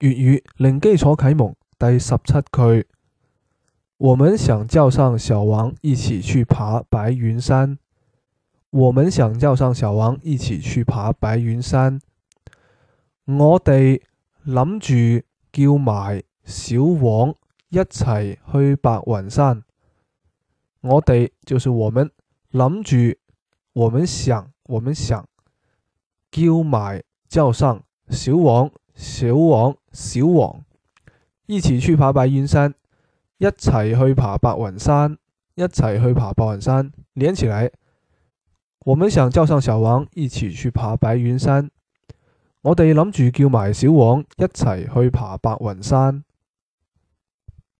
粵語零基礎啟蒙第十七句。我們想叫上小王一起去爬白雲山。我們想叫上小王一起去爬白雲山。我哋諗住叫埋小王一齊去白雲山。我哋就是我們諗住，我們想，我們想叫埋叫上小王。小王，小王，一起去爬白雲山，一齊去爬白雲山，一齊去爬白雲山，連起來。我們想叫上小王一起去爬白雲山，我哋諗住叫埋小王一齊去爬白雲山。